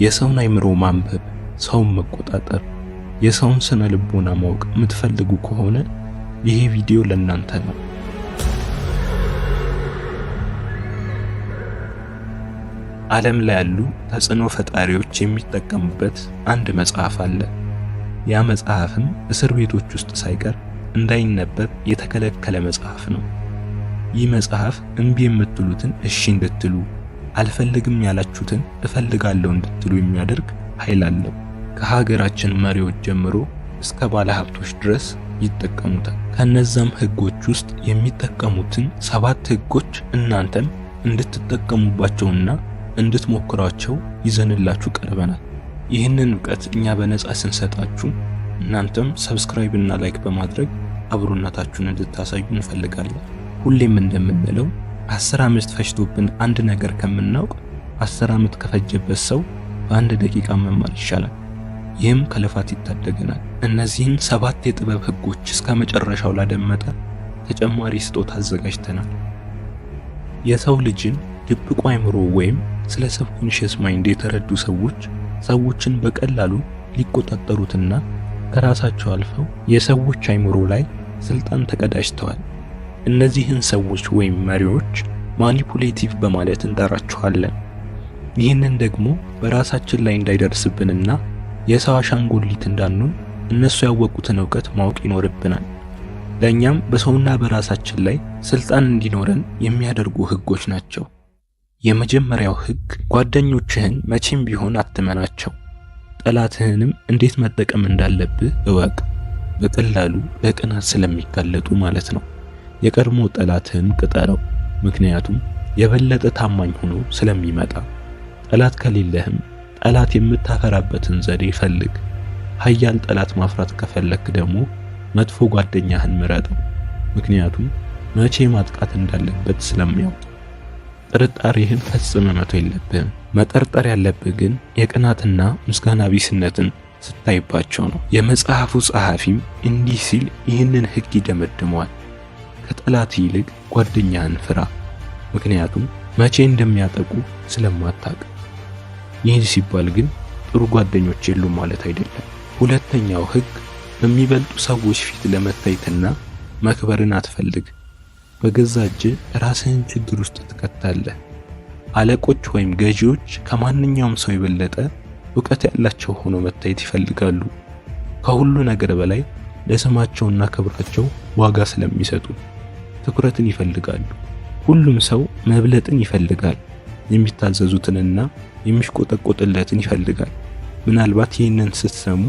የሰውን አይምሮ ማንበብ፣ ሰውን መቆጣጠር፣ የሰውን ስነ ልቦና ማወቅ የምትፈልጉ ከሆነ ይሄ ቪዲዮ ለእናንተ ነው። ዓለም ላይ ያሉ ተጽዕኖ ፈጣሪዎች የሚጠቀሙበት አንድ መጽሐፍ አለ። ያ መጽሐፍም እስር ቤቶች ውስጥ ሳይቀር እንዳይነበብ የተከለከለ መጽሐፍ ነው። ይህ መጽሐፍ እምቢ የምትሉትን እሺ እንድትሉ አልፈልግም ያላችሁትን እፈልጋለሁ እንድትሉ የሚያደርግ ኃይል አለው። ከሀገራችን መሪዎች ጀምሮ እስከ ባለ ሀብቶች ድረስ ይጠቀሙታል። ከነዛም ህጎች ውስጥ የሚጠቀሙትን ሰባት ህጎች እናንተም እንድትጠቀሙባቸውና እንድትሞክሯቸው ይዘንላችሁ ቀርበናል። ይህንን እውቀት እኛ በነጻ ስንሰጣችሁ እናንተም ሰብስክራይብ እና ላይክ በማድረግ አብሮነታችሁን እንድታሳዩ እንፈልጋለን። ሁሌም እንደምንለው አስር ዓመት ፈጅቶብን አንድ ነገር ከምናውቅ አስር ዓመት ከፈጀበት ሰው በአንድ ደቂቃ መማር ይሻላል። ይህም ከልፋት ይታደገናል። እነዚህን ሰባት የጥበብ ህጎች እስከ መጨረሻው ላደመጠ ተጨማሪ ስጦታ አዘጋጅተናል። የሰው ልጅን ድብቁ አይምሮ ወይም ስለ ሰብኮንሽስ ማይንድ የተረዱ ሰዎች ሰዎችን በቀላሉ ሊቆጣጠሩትና ከራሳቸው አልፈው የሰዎች አይምሮ ላይ ስልጣን ተቀዳጅተዋል። እነዚህን ሰዎች ወይም መሪዎች ማኒፑሌቲቭ በማለት እንጠራቸዋለን። ይህንን ደግሞ በራሳችን ላይ እንዳይደርስብንና የሰው አሻንጉሊት እንዳንሆን እነሱ ያወቁትን እውቀት ማወቅ ይኖርብናል። ለእኛም በሰውና በራሳችን ላይ ስልጣን እንዲኖረን የሚያደርጉ ህጎች ናቸው። የመጀመሪያው ህግ ጓደኞችህን መቼም ቢሆን አትመናቸው። ጠላትህንም እንዴት መጠቀም እንዳለብህ እወቅ። በቀላሉ ለቅናት ስለሚጋለጡ ማለት ነው። የቀድሞ ጠላትህን ቅጠለው፣ ምክንያቱም የበለጠ ታማኝ ሆኖ ስለሚመጣ። ጠላት ከሌለህም ጠላት የምታፈራበትን ዘዴ ፈልግ። ኃያል ጠላት ማፍራት ከፈለክ ደግሞ መጥፎ ጓደኛህን ምረጠው፣ ምክንያቱም መቼ ማጥቃት እንዳለበት ስለሚያውቅ። ጥርጣሬህን ፈጽመ መቶ የለብህም። መጠርጠር ያለብህ ግን የቅናትና ምስጋና ቢስነትን ስታይባቸው ነው። የመጽሐፉ ጸሐፊም እንዲህ ሲል ይህንን ሕግ ይደመድመዋል። ከጠላት ይልቅ ጓደኛህን ፍራ፣ ምክንያቱም መቼ እንደሚያጠቁ ስለማታቅ። ይህን ሲባል ግን ጥሩ ጓደኞች የሉም ማለት አይደለም። ሁለተኛው ህግ በሚበልጡ ሰዎች ፊት ለመታየትና መክበርን አትፈልግ። በገዛ እጅ ራስህን ችግር ውስጥ ትከታለህ። አለቆች ወይም ገዢዎች ከማንኛውም ሰው የበለጠ እውቀት ያላቸው ሆኖ መታየት ይፈልጋሉ። ከሁሉ ነገር በላይ ለስማቸውና ክብራቸው ዋጋ ስለሚሰጡ ትኩረትን ይፈልጋሉ። ሁሉም ሰው መብለጥን ይፈልጋል። የሚታዘዙትንና የሚሽቆጠቆጥለትን ይፈልጋል። ምናልባት ይህንን ስትሰሙ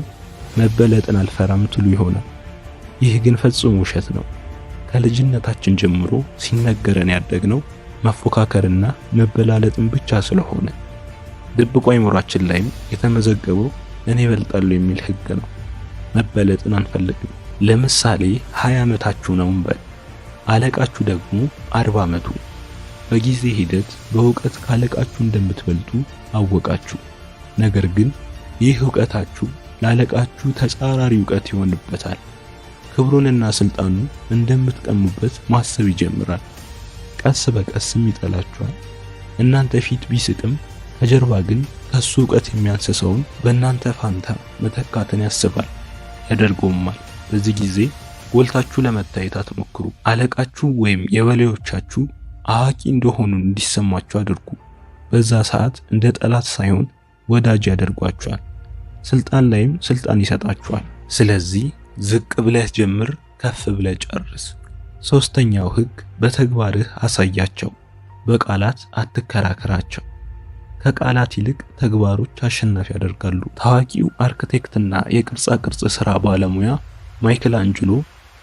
መበለጥን አልፈራም ትሉ ይሆናል። ይህ ግን ፈጽሞ ውሸት ነው። ከልጅነታችን ጀምሮ ሲነገረን ያደግነው መፎካከርና መበላለጥን ብቻ ስለሆነ ድብቁ አይምሯችን ላይም የተመዘገበው እኔ እበልጣለሁ የሚል ህግ ነው። መበለጥን አንፈልግም። ለምሳሌ ሀያ ዓመታችሁ ነው እንበል። አለቃችሁ ደግሞ አርባ ዓመቱ። በጊዜ ሂደት በእውቀት ካለቃችሁ እንደምትበልጡ አወቃችሁ። ነገር ግን ይህ እውቀታችሁ ላለቃችሁ ተጻራሪ እውቀት ይሆንበታል። ክብሩንና ስልጣኑ እንደምትቀሙበት ማሰብ ይጀምራል። ቀስ በቀስም ይጠላችኋል። እናንተ ፊት ቢስቅም ከጀርባ ግን ከሱ እውቀት ሰውን በእናንተ ፋንታ መተካትን ያስባል ያደርገውማል። በዚህ ጊዜ ጎልታችሁ ለመታየት አትሞክሩ። አለቃችሁ ወይም የበላዮቻችሁ አዋቂ እንደሆኑ እንዲሰማችሁ አድርጉ። በዛ ሰዓት እንደ ጠላት ሳይሆን ወዳጅ ያደርጓችኋል። ስልጣን ላይም ስልጣን ይሰጣችኋል። ስለዚህ ዝቅ ብለህ ጀምር፣ ከፍ ብለህ ጨርስ። ሶስተኛው ህግ በተግባርህ አሳያቸው፣ በቃላት አትከራከራቸው። ከቃላት ይልቅ ተግባሮች አሸናፊ ያደርጋሉ። ታዋቂው አርክቴክትና የቅርጻ ቅርጽ ስራ ባለሙያ ማይክል አንጅሎ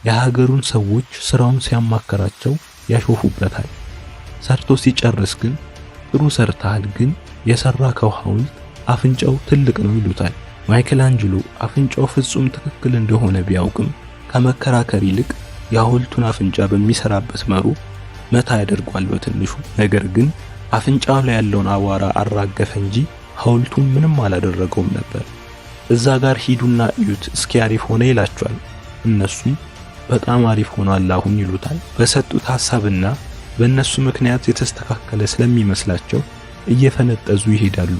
የሀገሩን ሰዎች ስራውን ሲያማከራቸው ያሾፉበታል። ሰርቶ ሲጨርስ ግን ጥሩ ሰርተሃል፣ ግን የሰራከው ሐውልት አፍንጫው ትልቅ ነው ይሉታል። ማይክል አንጅሎ አፍንጫው ፍጹም ትክክል እንደሆነ ቢያውቅም ከመከራከር ይልቅ የሐውልቱን አፍንጫ በሚሰራበት መሩ መታ ያደርጓል በትንሹ። ነገር ግን አፍንጫው ላይ ያለውን አቧራ አራገፈ እንጂ ሐውልቱን ምንም አላደረገውም ነበር። እዛ ጋር ሂዱና እዩት እስኪ አሪፍ ሆነ ይላቸዋል። እነሱም በጣም አሪፍ ሆኗል አሁን ይሉታል። በሰጡት ሀሳብና በእነሱ ምክንያት የተስተካከለ ስለሚመስላቸው እየፈነጠዙ ይሄዳሉ።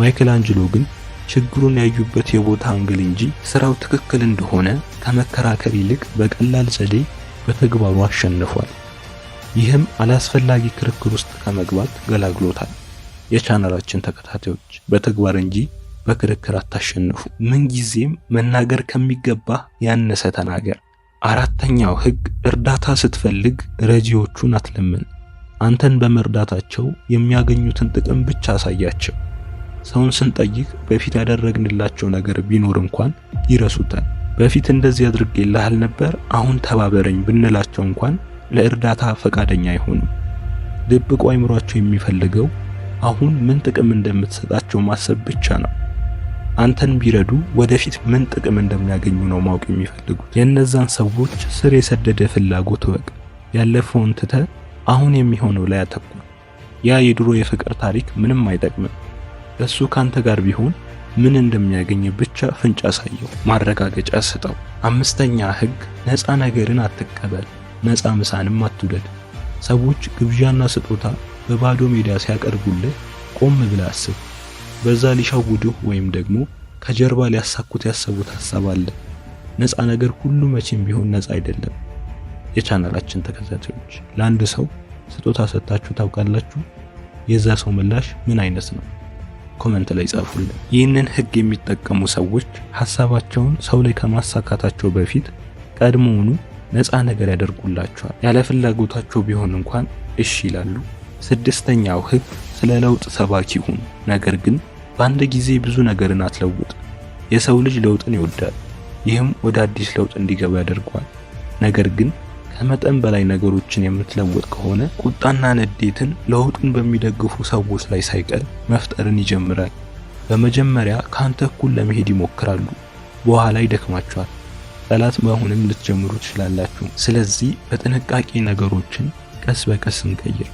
ማይክል አንጅሎ ግን ችግሩን ያዩበት የቦታ አንግል እንጂ ስራው ትክክል እንደሆነ ከመከራከር ይልቅ በቀላል ዘዴ በተግባሩ አሸንፏል። ይህም አላስፈላጊ ክርክር ውስጥ ከመግባት ገላግሎታል። የቻናላችን ተከታታዮች በተግባር እንጂ በክርክር አታሸንፉ። ምንጊዜም መናገር ከሚገባ ያነሰ ተናገር። አራተኛው ህግ እርዳታ ስትፈልግ ረጂዎቹን አትለምን። አንተን በመርዳታቸው የሚያገኙትን ጥቅም ብቻ አሳያቸው። ሰውን ስንጠይቅ በፊት ያደረግንላቸው ነገር ቢኖር እንኳን ይረሱታል። በፊት እንደዚህ አድርጌልሃል ነበር አሁን ተባበረኝ ብንላቸው እንኳን ለእርዳታ ፈቃደኛ አይሆንም። ድብቁ አይምሯቸው የሚፈልገው አሁን ምን ጥቅም እንደምትሰጣቸው ማሰብ ብቻ ነው። አንተን ቢረዱ ወደፊት ምን ጥቅም እንደሚያገኙ ነው ማወቅ የሚፈልጉት። የእነዛን ሰዎች ስር የሰደደ ፍላጎት ወቅ ያለፈውን ትተ አሁን የሚሆነው ላይ አተኩር። ያ የድሮ የፍቅር ታሪክ ምንም አይጠቅምም። እሱ ካንተ ጋር ቢሆን ምን እንደሚያገኝ ብቻ ፍንጭ አሳየው፣ ማረጋገጫ ስጠው። አምስተኛ ህግ፣ ነፃ ነገርን አትቀበል፣ ነፃ ምሳንም አትውደድ። ሰዎች ግብዣና ስጦታ በባዶ ሜዳ ሲያቀርቡልህ ቆም ብለህ አስብ። በዛ ሊሸውዱህ ወይም ደግሞ ከጀርባ ሊያሳኩት ያሰቡት ሐሳብ አለ። ነፃ ነገር ሁሉ መቼም ቢሆን ነፃ አይደለም። የቻናላችን ተከታታዮች ለአንድ ሰው ስጦታ ሰጥታችሁ ታውቃላችሁ? የዛ ሰው ምላሽ ምን አይነት ነው? ኮመንት ላይ ጻፉልን። ይህንን ህግ የሚጠቀሙ ሰዎች ሀሳባቸውን ሰው ላይ ከማሳካታቸው በፊት ቀድሞውኑ ነፃ ነገር ያደርጉላቸዋል። ያለ ፍላጎታቸው ቢሆን እንኳን እሺ ይላሉ። ስድስተኛው ህግ ስለ ለውጥ ሰባኪ ሁን፣ ነገር ግን በአንድ ጊዜ ብዙ ነገርን አትለውጥ። የሰው ልጅ ለውጥን ይወዳል፣ ይህም ወደ አዲስ ለውጥ እንዲገባ ያደርገዋል። ነገር ግን ከመጠን በላይ ነገሮችን የምትለውጥ ከሆነ ቁጣና ንዴትን ለውጡን በሚደግፉ ሰዎች ላይ ሳይቀር መፍጠርን ይጀምራል። በመጀመሪያ ካንተ እኩል ለመሄድ ይሞክራሉ፣ በኋላ ይደክማቸዋል። ጠላት መሆንም ልትጀምሩ ትችላላችሁ። ስለዚህ በጥንቃቄ ነገሮችን ቀስ በቀስ እንቀይር።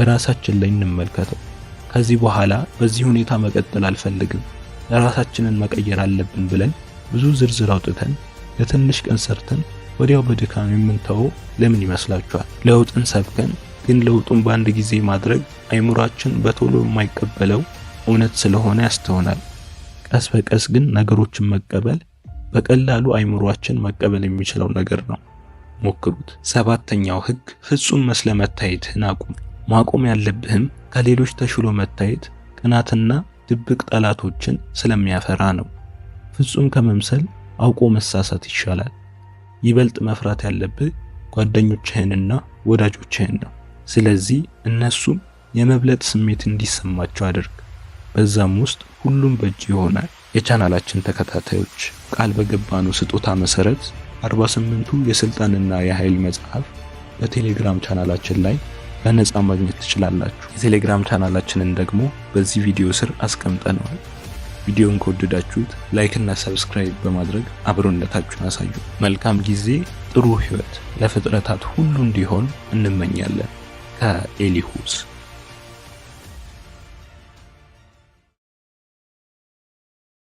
በራሳችን ላይ እንመልከተው። ከዚህ በኋላ በዚህ ሁኔታ መቀጠል አልፈልግም፣ ራሳችንን መቀየር አለብን ብለን ብዙ ዝርዝር አውጥተን ለትንሽ ቀን ሰርተን ወዲያው በድካም የምንተው ለምን ይመስላችኋል? ለውጥን ሰብከን ግን ለውጡን በአንድ ጊዜ ማድረግ አይምሯችን በቶሎ የማይቀበለው እውነት ስለሆነ ያስተውናል። ቀስ በቀስ ግን ነገሮችን መቀበል በቀላሉ አይምሯችን መቀበል የሚችለው ነገር ነው። ሞክሩት። ሰባተኛው ህግ ፍጹም መስለመታየትህን አቁም። ማቆም ያለብህም ከሌሎች ተሽሎ መታየት ቅናትና ድብቅ ጠላቶችን ስለሚያፈራ ነው። ፍጹም ከመምሰል አውቆ መሳሳት ይሻላል። ይበልጥ መፍራት ያለብህ ጓደኞችህንና ወዳጆችህን ነው። ስለዚህ እነሱም የመብለጥ ስሜት እንዲሰማቸው አድርግ። በዛም ውስጥ ሁሉም በእጅ ይሆናል። የቻናላችን ተከታታዮች ቃል በገባነው ስጦታ መሰረት 48ቱ የስልጣንና የኃይል መጽሐፍ በቴሌግራም ቻናላችን ላይ በነፃ ማግኘት ትችላላችሁ። የቴሌግራም ቻናላችንን ደግሞ በዚህ ቪዲዮ ስር አስቀምጠነዋል። ቪዲዮን ከወደዳችሁት ላይክና ሰብስክራይብ በማድረግ አብሮነታችሁን አሳዩ። መልካም ጊዜ፣ ጥሩ ህይወት ለፍጥረታት ሁሉ እንዲሆን እንመኛለን። ከኤሊሁስ